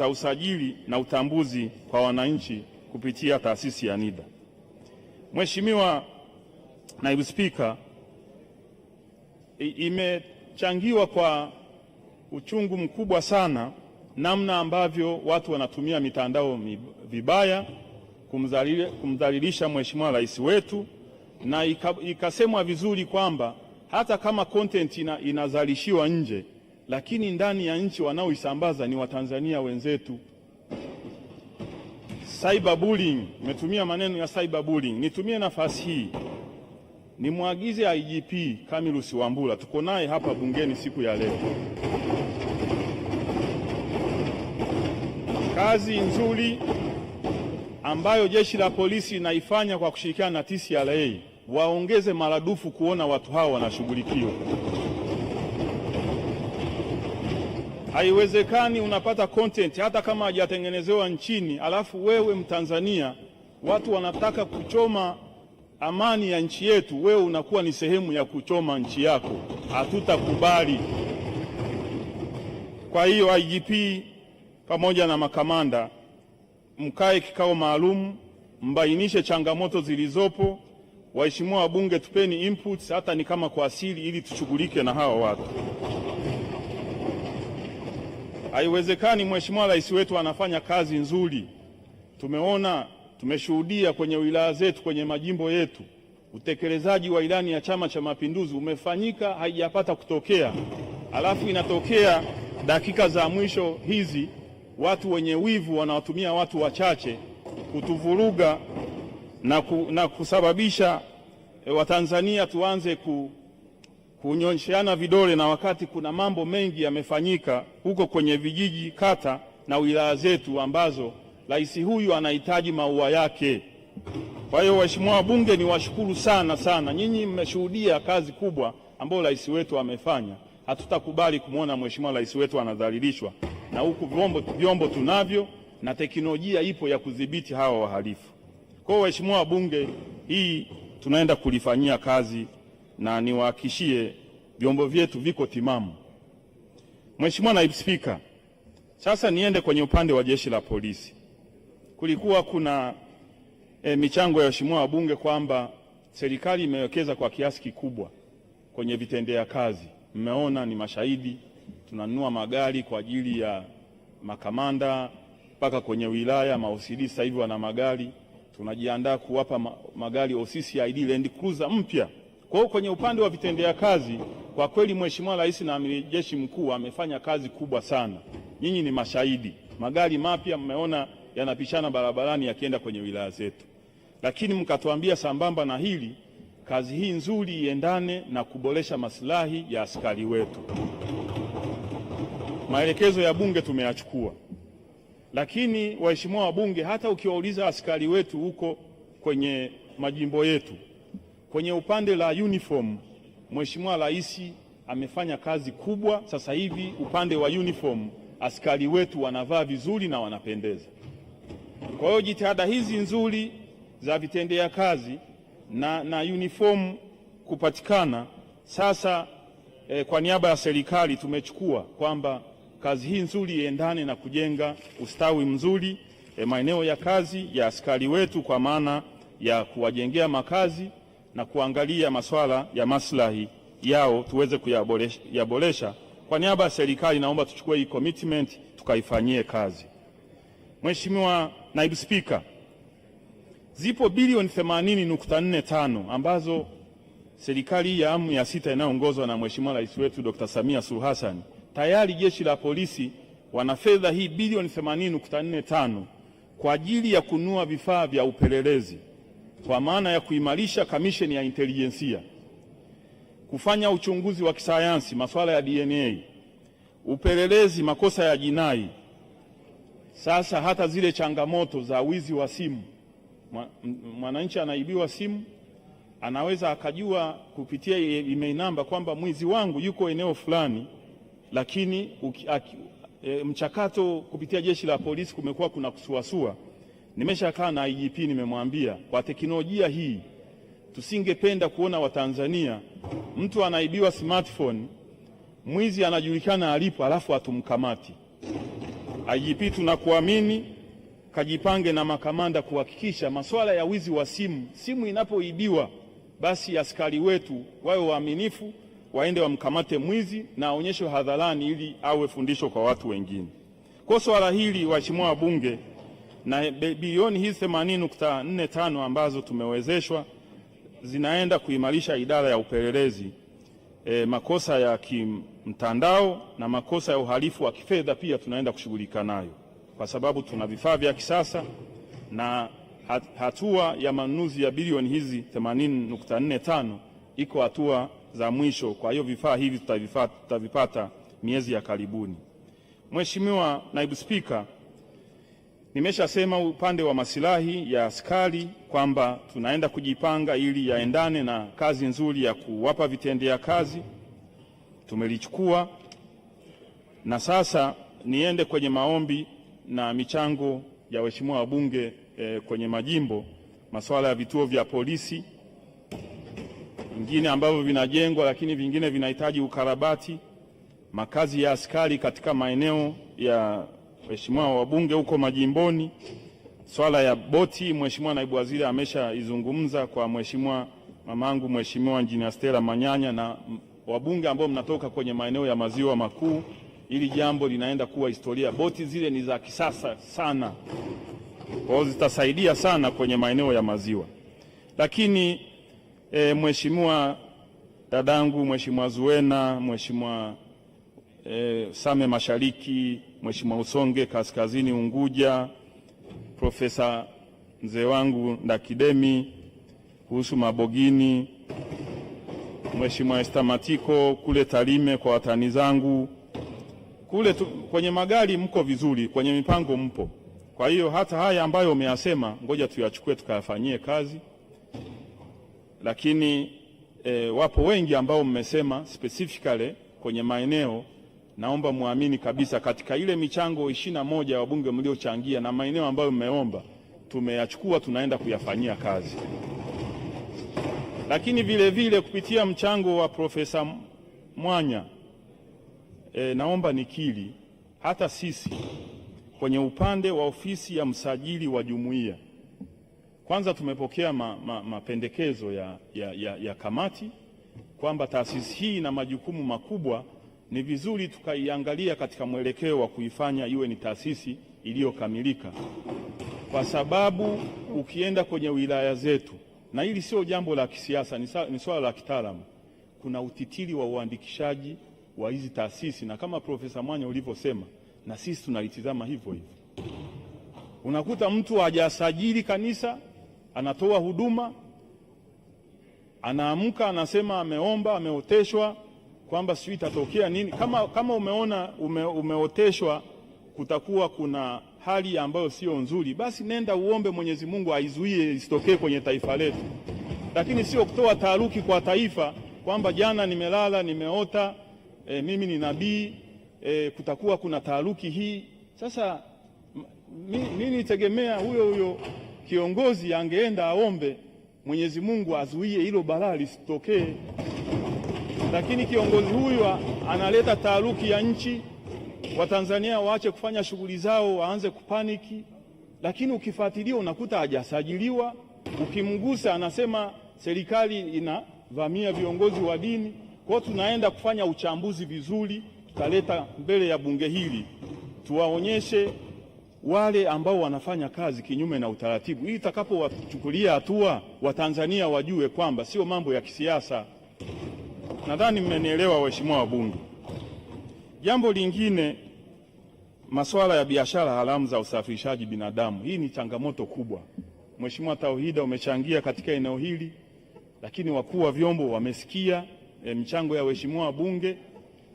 za usajili na utambuzi kwa wananchi kupitia taasisi ya NIDA. Mheshimiwa Naibu Spika, imechangiwa kwa uchungu mkubwa sana namna ambavyo watu wanatumia mitandao vibaya kumdhalilisha Mheshimiwa Rais wetu, na ikasemwa vizuri kwamba hata kama content ina, inazalishiwa nje lakini ndani ya nchi wanaoisambaza ni Watanzania wenzetu. Cyber bullying, umetumia maneno ya cyber bullying. Nitumie nafasi hii nimwagize IGP Camillus Wambura, tuko naye hapa bungeni siku ya leo. Kazi nzuri ambayo jeshi la polisi inaifanya kwa kushirikiana na TCRA, waongeze maradufu kuona watu hao wanashughulikiwa. Haiwezekani unapata content hata kama hajatengenezewa nchini, alafu wewe Mtanzania, watu wanataka kuchoma amani ya nchi yetu, wewe unakuwa ni sehemu ya kuchoma nchi yako. Hatutakubali. Kwa hiyo IGP pamoja na makamanda mkae kikao maalum, mbainishe changamoto zilizopo. Waheshimiwa wabunge, tupeni inputs hata ni kama kwa asili, ili tushughulike na hawa watu. Haiwezekani mheshimiwa rais wetu anafanya kazi nzuri, tumeona tumeshuhudia kwenye wilaya zetu, kwenye majimbo yetu, utekelezaji wa ilani ya Chama cha Mapinduzi umefanyika, haijapata kutokea, alafu inatokea dakika za mwisho hizi watu wenye wivu wanawatumia watu wachache kutuvuruga na, ku, na kusababisha e, Watanzania tuanze ku, kunyonsheana vidole na wakati kuna mambo mengi yamefanyika huko kwenye vijiji, kata na wilaya zetu ambazo rais huyu anahitaji maua yake. Kwa hiyo waheshimiwa wabunge, niwashukuru sana sana, nyinyi mmeshuhudia kazi kubwa ambayo rais wetu amefanya. Hatutakubali kumwona mheshimiwa rais wetu anadhalilishwa, na huku vyombo, vyombo tunavyo na teknolojia ipo ya kudhibiti hawa wahalifu. Kwa hiyo waheshimiwa wabunge, hii tunaenda kulifanyia kazi na niwahakishie vyombo vyetu viko timamu. Mheshimiwa Naibu Spika, sasa niende kwenye upande wa jeshi la polisi. Kulikuwa kuna e, michango ya waheshimiwa wabunge kwamba serikali imewekeza kwa kiasi kikubwa kwenye vitendea kazi. Mmeona ni mashahidi, tunanunua magari kwa ajili ya makamanda mpaka kwenye wilaya maosidi, sasa hivi wana magari, tunajiandaa kuwapa magari OCCID Land Cruiser mpya. Kwa hiyo kwenye upande wa vitendea kazi, kwa kweli Mheshimiwa Rais na Amiri Jeshi Mkuu amefanya kazi kubwa sana. Nyinyi ni mashahidi, magari mapya mmeona yanapishana barabarani yakienda kwenye wilaya zetu, lakini mkatuambia sambamba na hili kazi hii nzuri iendane na kuboresha maslahi ya askari wetu. Maelekezo ya Bunge tumeyachukua, lakini waheshimiwa wabunge, hata ukiwauliza askari wetu huko kwenye majimbo yetu Kwenye upande la uniform, Mheshimiwa Rais amefanya kazi kubwa. Sasa hivi upande wa uniform askari wetu wanavaa vizuri na wanapendeza. Kwa hiyo jitihada hizi nzuri za vitendea kazi na, na uniform kupatikana sasa eh, kwa niaba ya serikali tumechukua kwamba kazi hii nzuri iendane na kujenga ustawi mzuri eh, maeneo ya kazi ya askari wetu kwa maana ya kuwajengea makazi na kuangalia masuala ya maslahi yao tuweze kuyaboresha. Kwa niaba ya serikali, naomba tuchukue hii commitment tukaifanyie kazi. Mheshimiwa Naibu Spika, zipo bilioni 80.45 ambazo serikali ya awamu ya sita inayoongozwa na Mheshimiwa Rais wetu Dr. Samia Suluhu Hassan tayari jeshi la polisi wana fedha hii bilioni 80.45 kwa ajili ya kununua vifaa vya upelelezi kwa maana ya kuimarisha kamisheni ya intelijensia, kufanya uchunguzi wa kisayansi masuala ya DNA, upelelezi makosa ya jinai. Sasa hata zile changamoto za wizi wa simu, mwananchi anaibiwa simu, anaweza akajua kupitia email namba kwamba mwizi wangu yuko eneo fulani, lakini uki, aki, e, mchakato kupitia jeshi la polisi kumekuwa kuna kusuasua. Nimeshakaa na IGP nimemwambia, kwa teknolojia hii tusingependa kuona Watanzania mtu anaibiwa smartphone, mwizi anajulikana alipo, alafu hatumkamati. IGP, tunakuamini, kajipange na makamanda kuhakikisha masuala ya wizi wa simu, simu inapoibiwa basi askari wetu wawe waaminifu, waende wamkamate mwizi na aonyeshwe hadharani, ili awe fundisho kwa watu wengine. Kwa swala hili, waheshimiwa wabunge na bilioni hizi 80.45 ambazo tumewezeshwa zinaenda kuimarisha idara ya upelelezi e, makosa ya kimtandao na makosa ya uhalifu wa kifedha pia tunaenda kushughulika nayo kwa sababu tuna vifaa vya kisasa na hatua ya manunuzi ya bilioni hizi 80.45 iko hatua za mwisho. Kwa hiyo vifaa hivi tutavipata miezi ya karibuni. Mheshimiwa Naibu Spika, Nimeshasema upande wa masilahi ya askari kwamba tunaenda kujipanga ili yaendane na kazi nzuri ya kuwapa vitendea kazi, tumelichukua na sasa niende kwenye maombi na michango ya waheshimiwa wabunge e, kwenye majimbo, masuala ya vituo vya polisi vingine ambavyo vinajengwa lakini vingine vinahitaji ukarabati, makazi ya askari katika maeneo ya Mheshimiwa wabunge huko majimboni, swala ya boti, Mheshimiwa naibu waziri ameshaizungumza kwa Mheshimiwa mamangu Mheshimiwa Injinia Stella Manyanya na wabunge ambao mnatoka kwenye maeneo ya maziwa makuu, ili jambo linaenda kuwa historia. Boti zile ni za kisasa sana, kwa hiyo zitasaidia sana kwenye maeneo ya maziwa. Lakini e, Mheshimiwa dadangu Mheshimiwa Zuena, Mheshimiwa e, Same Mashariki, Mheshimiwa Usonge Kaskazini Unguja, Profesa mzee wangu Ndakidemi kuhusu Mabogini, Mheshimiwa Esta Matiko kule Tarime kwa watani zangu kule tu, kwenye magari mko vizuri, kwenye mipango mpo. Kwa hiyo hata haya ambayo umeyasema ngoja tuyachukue tukayafanyie kazi, lakini e, wapo wengi ambao mmesema specifically kwenye maeneo naomba muamini kabisa katika ile michango ishirini na moja ya wabunge mliochangia na maeneo ambayo mmeomba tumeyachukua, tunaenda kuyafanyia kazi. Lakini vile vile kupitia mchango wa Profesa Mwanya e, naomba nikiri hata sisi kwenye upande wa ofisi ya msajili wa jumuiya kwanza tumepokea ma, ma, mapendekezo ya, ya, ya, ya kamati kwamba taasisi hii ina majukumu makubwa ni vizuri tukaiangalia katika mwelekeo wa kuifanya iwe ni taasisi iliyokamilika, kwa sababu ukienda kwenye wilaya zetu, na hili sio jambo la kisiasa, ni swala la kitaalamu, kuna utitiri wa uandikishaji wa hizi taasisi, na kama Profesa Mwanya ulivyosema, na sisi tunalitizama hivyo hivyo. Unakuta mtu hajasajili kanisa, anatoa huduma, anaamka anasema ameomba, ameoteshwa kwamba sijui itatokea nini. Kama, kama umeona ume, umeoteshwa kutakuwa kuna hali ambayo sio nzuri, basi nenda uombe Mwenyezi Mungu aizuie isitokee kwenye taifa letu, lakini sio kutoa taaruki kwa taifa kwamba jana nimelala nimeota e, mimi ni nabii e, kutakuwa kuna taaruki hii. Sasa mimi nitegemea huyo huyo kiongozi angeenda aombe Mwenyezi Mungu azuie hilo balaa lisitokee lakini kiongozi huyu analeta taaruki ya nchi. Watanzania waache kufanya shughuli zao, waanze kupaniki, lakini ukifuatilia unakuta hajasajiliwa. Ukimgusa anasema serikali inavamia viongozi wa dini. Kwa hiyo tunaenda kufanya uchambuzi vizuri, tutaleta mbele ya bunge hili, tuwaonyeshe wale ambao wanafanya kazi kinyume na utaratibu, ili itakapowachukulia hatua Watanzania wajue kwamba sio mambo ya kisiasa. Nadhani mmenielewa waheshimiwa wabunge. Jambo lingine, masuala ya biashara haramu za usafirishaji binadamu, hii ni changamoto kubwa. Mheshimiwa Tauhida, umechangia katika eneo hili, lakini wakuu wa vyombo wamesikia e, eh, mchango ya waheshimiwa wabunge.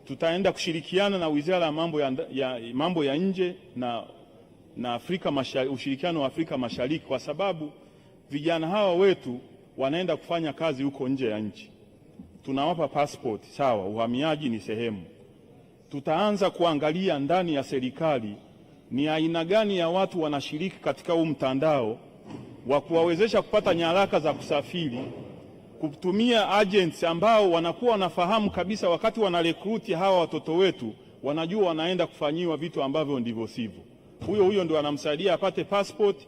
Tutaenda kushirikiana na Wizara ya Mambo ya, ya, mambo ya Nje na, na Afrika Mashariki, ushirikiano wa Afrika Mashariki kwa sababu vijana hawa wetu wanaenda kufanya kazi huko nje ya nchi tunawapa passport sawa, uhamiaji ni sehemu. Tutaanza kuangalia ndani ya serikali ni aina gani ya watu wanashiriki katika huu mtandao wa kuwawezesha kupata nyaraka za kusafiri kutumia agents ambao wanakuwa wanafahamu kabisa, wakati wanarekruti hawa watoto wetu, wanajua wanaenda kufanyiwa vitu ambavyo ndivyo sivyo. Huyo huyo ndio anamsaidia apate passport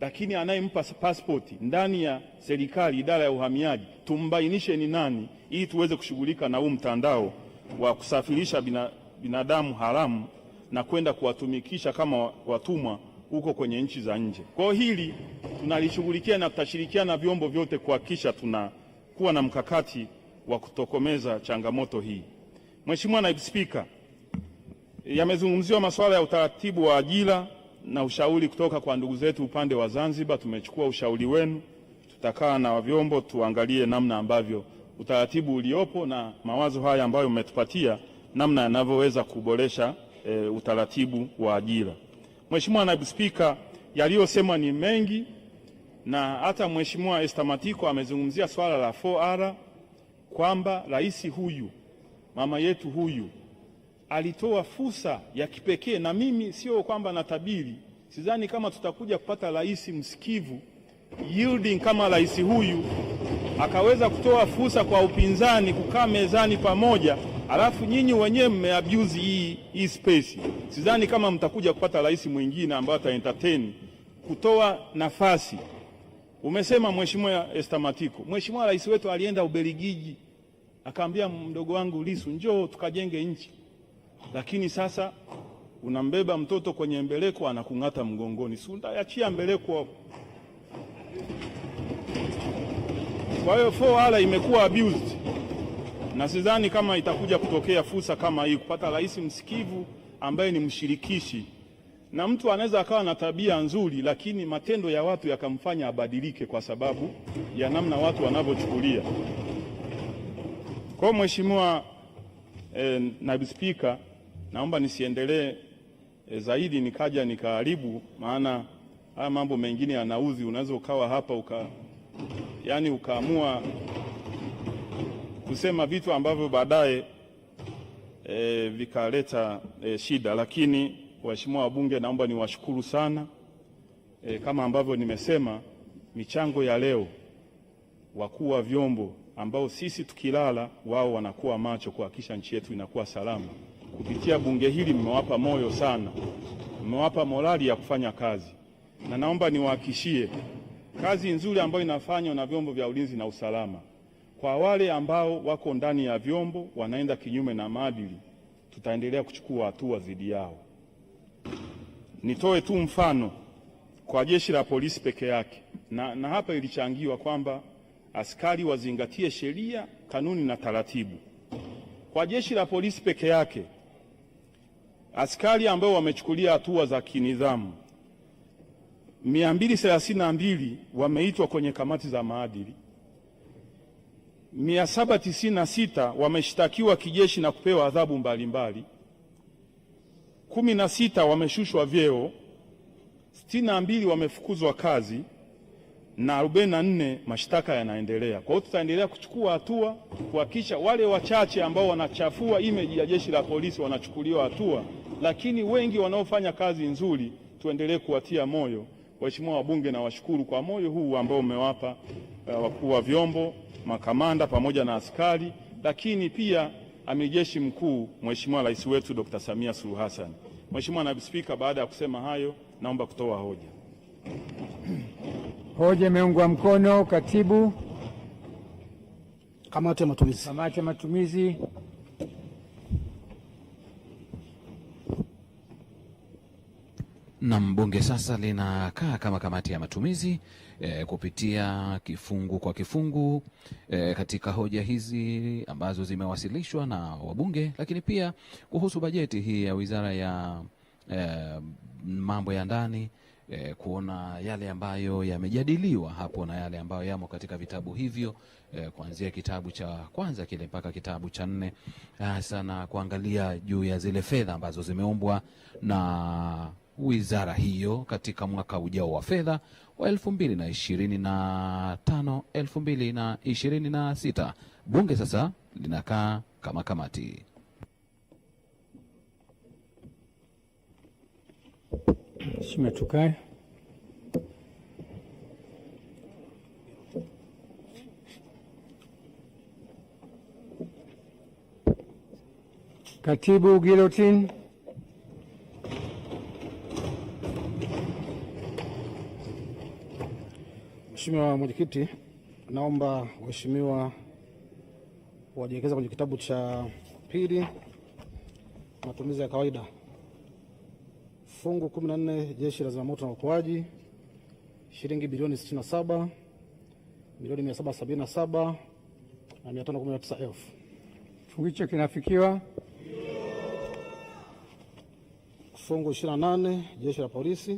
lakini anayempa pasipoti ndani ya serikali, idara ya uhamiaji, tumbainishe ni nani, ili tuweze kushughulika na huu mtandao wa kusafirisha bina, binadamu haramu na kwenda kuwatumikisha kama watumwa huko kwenye nchi za nje. Kwa hili tunalishughulikia na tutashirikiana na vyombo vyote kuhakikisha tunakuwa na mkakati wa kutokomeza changamoto hii. Mheshimiwa Naibu Spika, yamezungumziwa masuala ya utaratibu wa ajira na ushauri kutoka kwa ndugu zetu upande wa Zanzibar. Tumechukua ushauri wenu, tutakaa na vyombo tuangalie namna ambavyo utaratibu uliopo na mawazo haya ambayo umetupatia namna yanavyoweza kuboresha e, utaratibu wa ajira. Mheshimiwa Naibu Spika, yaliyosemwa ni mengi na hata Mheshimiwa Esther Matiko amezungumzia swala la 4R kwamba rais huyu mama yetu huyu alitoa fursa ya kipekee, na mimi sio kwamba natabiri, sidhani kama tutakuja kupata rais msikivu yielding kama rais huyu akaweza kutoa fursa kwa upinzani kukaa mezani pamoja, alafu nyinyi wenyewe mmeabuse hii hii space. Sidhani kama mtakuja kupata rais mwingine ambaye ata entertain kutoa nafasi. Umesema Mheshimiwa Esther Matiko, Mheshimiwa rais wetu alienda Ubelgiji, akaambia mdogo wangu Lisu, njoo tukajenge nchi lakini sasa unambeba mtoto kwenye mbeleko anakung'ata mgongoni, si utaachia mbeleko? Kwa hiyo 4 wala imekuwa abused, na sidhani kama itakuja kutokea fursa kama hii kupata rais msikivu ambaye ni mshirikishi, na mtu anaweza akawa na tabia nzuri, lakini matendo ya watu yakamfanya abadilike kwa sababu ya namna watu wanavyochukulia. Kwa hiyo Mheshimiwa eh, Naibu Spika Naomba nisiendelee eh, zaidi nikaja nikaharibu, maana haya mambo mengine yanauzi Unaweza ukawa hapa uka, yani ukaamua kusema vitu ambavyo baadaye e, vikaleta e, shida. Lakini waheshimiwa wabunge, naomba niwashukuru sana e, kama ambavyo nimesema michango ya leo, wakuu wa vyombo ambao sisi tukilala wao wanakuwa macho kuhakikisha nchi yetu inakuwa salama kupitia bunge hili mmewapa moyo sana, mmewapa morali ya kufanya kazi, na naomba niwahakishie kazi nzuri ambayo inafanywa na vyombo vya ulinzi na usalama. Kwa wale ambao wako ndani ya vyombo wanaenda kinyume na maadili, tutaendelea kuchukua hatua dhidi yao. Nitoe tu mfano kwa jeshi la polisi peke yake, na, na hapa ilichangiwa kwamba askari wazingatie sheria, kanuni na taratibu. Kwa jeshi la polisi peke yake Askari ambao wamechukulia hatua za kinidhamu 232 wameitwa kwenye kamati za maadili, 796 wameshtakiwa kijeshi na kupewa adhabu mbalimbali, 16 wameshushwa vyeo, 62 wamefukuzwa kazi na arobaini na nne mashtaka yanaendelea. Kwa hiyo tutaendelea kuchukua hatua kuhakikisha wale wachache ambao wanachafua imeji ya jeshi la polisi wanachukuliwa hatua, lakini wengi wanaofanya kazi nzuri tuendelee kuwatia moyo. Waheshimiwa wabunge, nawashukuru kwa moyo huu ambao umewapa uh, wakuu wa vyombo, makamanda pamoja na askari, lakini pia amiri jeshi mkuu, Mheshimiwa Rais wetu Dr. Samia Suluhu Hassan. Mheshimiwa Naibu Spika, baada ya kusema hayo, naomba kutoa hoja. Hoja imeungwa mkono. Katibu kamati ya matumizi, kamati ya matumizi. na bunge sasa linakaa kama kamati ya matumizi e, kupitia kifungu kwa kifungu e, katika hoja hizi ambazo zimewasilishwa na wabunge, lakini pia kuhusu bajeti hii ya wizara ya e, mambo ya ndani eh, kuona yale ambayo yamejadiliwa hapo na yale ambayo yamo katika vitabu hivyo eh, kuanzia kitabu cha kwanza kile mpaka kitabu cha nne hasa e, na kuangalia juu ya zile fedha ambazo zimeombwa na wizara hiyo katika mwaka ujao wa fedha wa elfu mbili na ishirini na tano elfu mbili na ishirini na sita Bunge sasa linakaa kama kamati. Şimdi tukaj. Katibu Gilotin. Mheshimiwa Mwenyekiti, naomba waheshimiwa wajiekeza kwenye kitabu cha pili, matumizi ya kawaida. Fungu 14 Jeshi la Zimamoto na Uokoaji shilingi bilioni 67 milioni 777 na 519 elfu. Kifungu hicho kinafikiwa. Fungu 28 Jeshi la Polisi